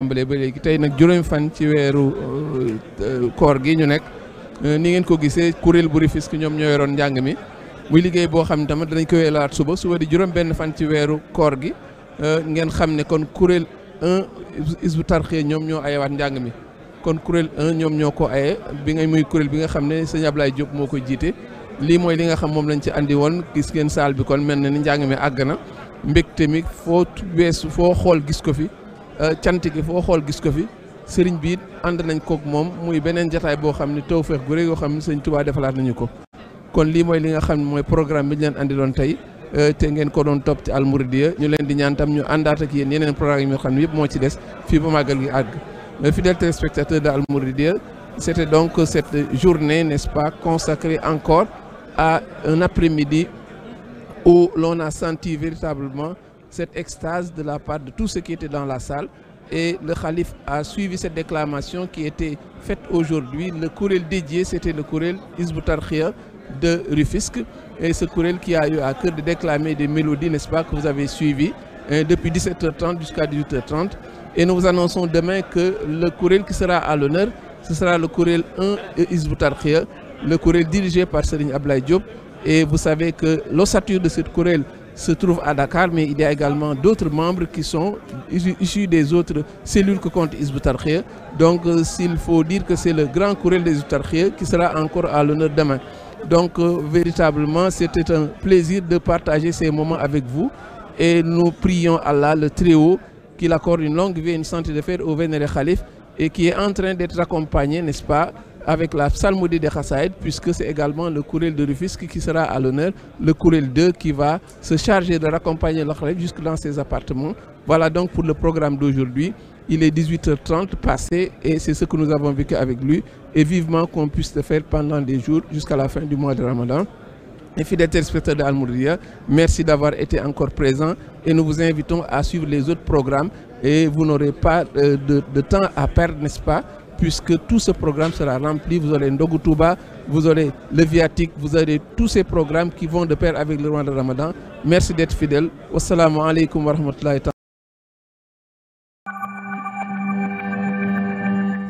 tàmbalee ba léegi tey nag juróomi fan ci weeru euh, koor gi ñu nekk euh, ni ngeen ko gisee kuréel bu ki ñoom ñoo yoroon njàng mi muy liggéey boo xam ne tamit danañ koy laat suba suba di juróom benn fan ci weeru koor gi euh, ngeen xam ne kon kuréel 1 Hizbut Tarqiyyah ñoom ñoo ayewaat njàng mi kon kuréel 1 ñoom ñoo ko aye bi nga muy kuréel bi nga xam ne sëñ Ablaye Diop moo ko jiite lii mooy li nga xam moom lañ ci andi woon gis ngeen saal bi kon mel na ni njàng àgg na mbégte mi foo weesu foo xool gis ko fi Euh, cant gi foo xool gis ko fi sëriñ bi ànd nañ kook moom muy beneen jataay boo xam ne tawfeex gu rëy yoo xam ne sëñ Tuubaa defalaat nañu ko kon lii mooy li nga xam ne mooy programme bi ñu leen andiloon tey euh, te ngeen ko doon topp ci almouridiya ñu leen di ñaan tam ñu àndaat ak yéen yeneen programme moo xam ne yëpp moo ci des fii ba màggal gi àgg euh, fidèle téléspectateur de almouridiya c'était donc cette journée n'est-ce pas consacrée encore a un après-midi où l'on a senti véritablement cette extase de la part de tous ceux qui étaient dans la salle. Et le calife a suivi cette déclamation qui était faite aujourd'hui. Le courriel dédié, c'était le courriel Isbutarkhia de Rufisque. Et ce courriel qui a eu à cœur de déclamer des mélodies, n'est-ce pas, que vous avez suivies hein, depuis 17h30 jusqu'à 18h30. Et nous vous annonçons demain que le courriel qui sera à l'honneur, ce sera le courriel 1 Isbutarkhia, le courriel dirigé par Serigne Ablaï Diop. se trouve à Dakar, mais il y a également d'autres membres qui sont issus des autres cellules que compte Hizb ut-Tarqiyyah. Donc euh, s'il faut dire que c'est le grand courriel des ut qui sera encore à l'honneur demain. Donc euh, véritablement, c'était un plaisir de partager ces moments avec vous et nous prions Allah le Très-Haut qu'il accorde une longue vie une santé de fer au vénéré Khalife et qui est en train d'être accompagné, n'est-ce pas? avec la psalmodie des Khassaïd, puisque c'est également le le courriel 2 qui va se charger de raccompagner l'Akhreb jusque dans ses donc pour le programme d'aujourd'hui. Il est 18h30 passé et c'est ce que nous pendant des jours jusqu'à mois de Ramadan. Et fidèles merci d'avoir été encore présents et nous vous invitons à suivre les autres programmes et euh, de, de, temps à perdre, nest puisque tout ce programme sera rempli. Vous aurez Ndogu Touba, vous aurez le viatique, vous aurez tous ces programmes qui vont de pair avec le mois de Ramadan. Merci d'être fidèle. Wassalamu alaikum wa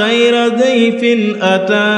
خير ضيف أتى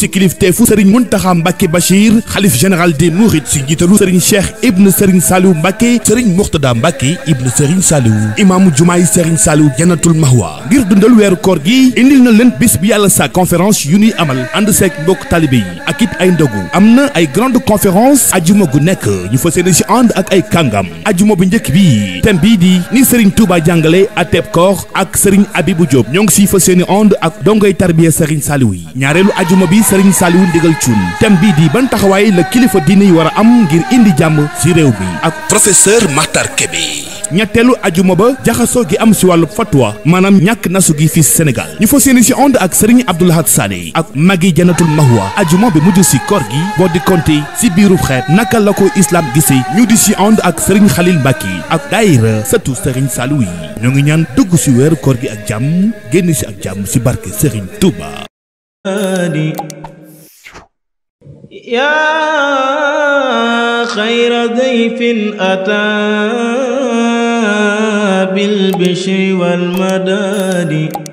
ci kilifteefu Serigne Mountakha Mbacké Bachir xalif général des Mourides ci njiitalu Serigne Cheikh ibn Serigne Saliou Mbacké Serigne Mourtada Mbacké ibn Serigne Saliou imaamu jumaa yi Serigne Saliou Jannatul Mahwa ngir dundal weeru koor gi indil na leen bis bu yàlla sa conférence yu ñuy amal ànd seeg mbokk taalibé yi ak it ay ndogu am na ay grande conférence ajuma gu nekk ñu fas yéene si ànd ak ay kàngam ajuma bu njëkk bi thème bii di ni Serigne Touba jàngale ateb koor ak abi bu Diop ñoo ngi siy fas yéene ànd ak dongoy tarbiya Serigne Saliou yi ñaareelu ajuma bi Serigne Saliou ndigal cuun thème bii di ban taxawaay la kilifa diine yi war a am ngir indi jàmm si réew mi ak professeur Makhtar Kébé ñetteelu ajuma ba jaxasoo gi am si wàllu fatwa maanaam ñàkk nasu gi fii senegal ñu fas yéene si ond ak Serigne Abdoul Ahad Sané ak magi janatul mahwa ajuma bi mujj si koor gi boo di si biiru xeet naka la ko islaam gisee ñu di si ond ak Serigne Khalil Mbacke ak daayira sëtu Serigne yi ñoo ngi ñaan dugg si weeru koor gi ak jàmm génn si ak jàmm si barke sëriñ Touba yaa بالبشر والمداد